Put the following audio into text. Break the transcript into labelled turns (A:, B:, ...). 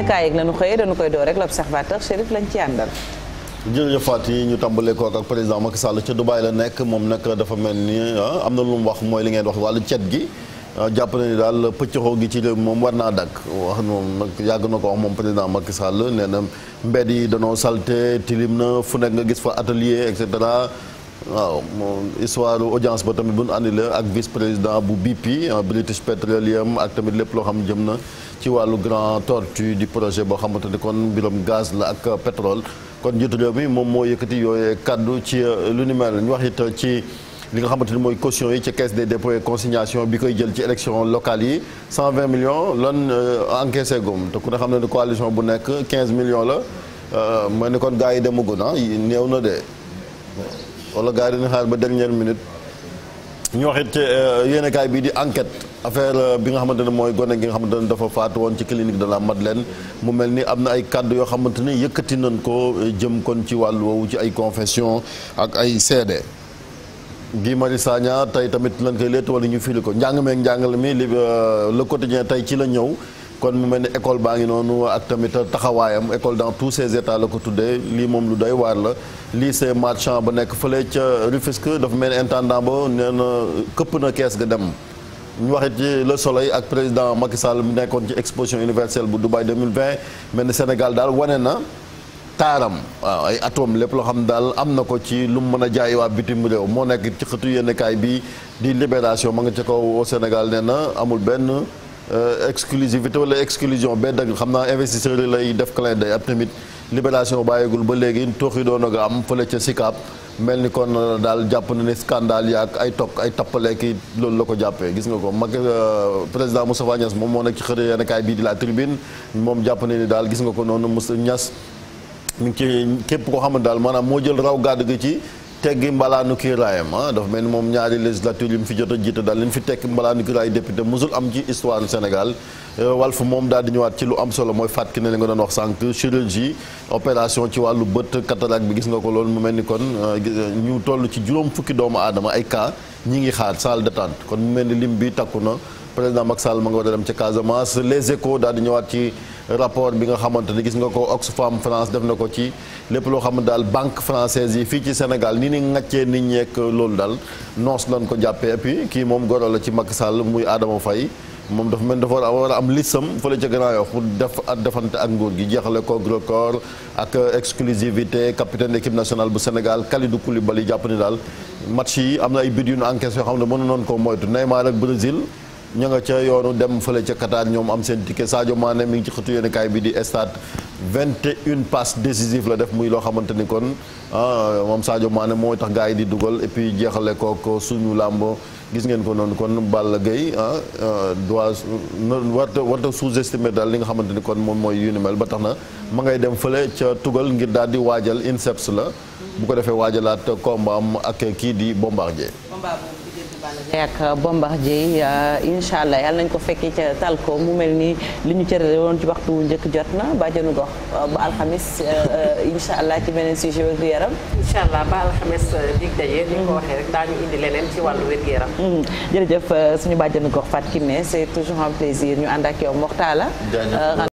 A: yéenekaay yeeg la ñu xëyee dañu koy door rek l'observateur Chérif lañ ci àndal. jërëjëf Faty ñu tàmbalee ko ak président Macky Sall ca la nekk moom nag dafa mel ni ah, am na lu wax mooy li ngeen wax wàllu cet gi. Ah, jàpp na ni daal pëccëxoo gi ci réew moom war naa dakk wax moom nag yàgg na ko wax moom président Macky Sall nee na mbedd yi danoo salte tilim na fu nekk nga gis fa atelier et waaw moom histoire audience ba tamit bu nu ak vice président bu BP ah, British Petroleum ak tamit lépp loo xam jëm na ci wàllu Grand Tortue di projet boo xamante ni kon mbiram gaz la ak pétrole kon njiitu réew mi moom moo yëkkati yooye kaddu ci euh, lu ni mel ñu wax it ci li nga xamante ni mooy caution yi ci caisse des dépôts et consignation bi koy jël ci élection locale yi 120 millions lan euh, encaissé gum te ku ne xam ne ni coalition bu nekk 15 millions la euh, mooy ne kon gars yi demagun ah néew na de. wala gars yi dañuy xaar ba dernière minute ñu wax ci euh, yéenekaay bii di enquête affaire euh, bi nga xamante ne mooy gone gi nga xamante ne dafa faatu woon ci clinique de la leen mu mel ni am na ay kàddu yoo xamante ne yëkkati nan ko euh, jëm kon ci wàllu woowu ci ay confession ak ay seede. Guy Marius Sagna tey tamit lañ koy leet wala ñu firi ko njàng meeg njàngale mi la le quotidien tey ci la ñëw. kon mu mel ni école baa ngi noonu ak tamit taxawaayam école dans tous ses états la ko tuddee lii moom lu doy waar la lii lycée marchand ba nekk fële ca Rufisque dafa mel ni intendant ba nee na këpp na kees ga dem ñu waxit ci le soleil ak président Macky Sall mu nekkoon ci exposition universelle bu Dubaï 2020 mel ni Sénégal daal wane na taaram waaw ay atom lépp loo xam daal am na ko ci lu mu mën a jaay waa bitim réew moo nekk ci xëtu yéenekaay bi di libération ma nga ca kaw Sénégal nee na amul benn Euh, exclusivité wala exclusion benn dagg xam naa investisseur yi lay def clin d'œil ab tamit libération bàyyigul ba léegi toox yi doon am fële ca Sicap mel ni kon daal jàpp na ne scandale yaak ay toog ay tappale ki loolu la ko jàppee gis nga ko mag euh, président Moustapha Niass moom moo nekk ci xëy yenn kaay bii di la tribune moom jàpp na ni daal gis nga ko noonu Moussa ñas mu ngi ci képp koo xam ne daal maanaam moo jël raw gàdd gi ci teggi mbalaanu kiiraayam ah dafa mel ni moom ñaari législature yi mu fi jot a jiite daal leen fi tekki mbalaanu kiiraayu député musul am ci histoire Sénégal euh, Walf moom daal di ñëwaat ci lu am solo mooy fàtt ki ne nga doon wax sànq chirurgie opération ci wàllu bët cataracte bi gis nga ko loolu mu mel ni kon euh, euh, ñu toll ci juróom fukki doomu aadama ay cas ñi ngi xaar salle d'attente kon mu mel ni lim bi takku na président Macky Sall ma nga war a dem ca Casamance les échos daal di ñëwaat ci rapport bi nga xamante ne gis nga ko Oxfam France def na ko ci lépp loo xam ne daal banque française yi fii ci Sénégal ni ni ŋàccee ni ñeek loolu daal noos lañ ko jàppee et puis kii moom goro la ci Macky Sall muy Adama Faye moom dafa mel dafa war a war am lisam fële ca Grand Yoff pour def ak defante ak nguur gi jeexale ko record ak exclusivité capitaine équipe nationale bu Sénégal Kalidou Koulibaly jàpp ni daal match yi am na ay but yu ñu encaissé yoo xam ne mënu noonu ko moytu Neymar ak Brésil ña nga ca yoonu dem fële ca Qatar ñoom am seen ticket Sadio maane mi ngi ci xëtu yéenekaay bi di vingt une passes décisif la def muy loo xamante ni kon ah, moom Sadio maane mooy tax gaa yi di dugal et puis jeexale kook suñu làmb gis ngeen ko noonu kon Balla Gaye ah, ah, doit warta warta sous-estimer dal li nga xamante ni kon moom mooy yu mel ba tax na ma ngay dem fële ca tugal ngir daal di waajal INSEPS la bu ko defee waajalaat combat am ak kii di Bombardier ak Bombardier euh, incha allah yàlla nañ ko fekkee ca talko mu mel ni li ñu cërale woon ci waxtu wu njëkk jot na bàjjenu gox euh, ba alxamis euh, incha allah ci beneen sujet wér gu yaram. incha allah ba alxamis dig daje ni ko waxee rek daañu indi leneen ci wàllu wér gu yaram. Mm-hmm. jërëjëf suñu bàjjenu gox Fatou Kiné c'est toujours un plaisir ñu ànd ak yow Mokhtar la.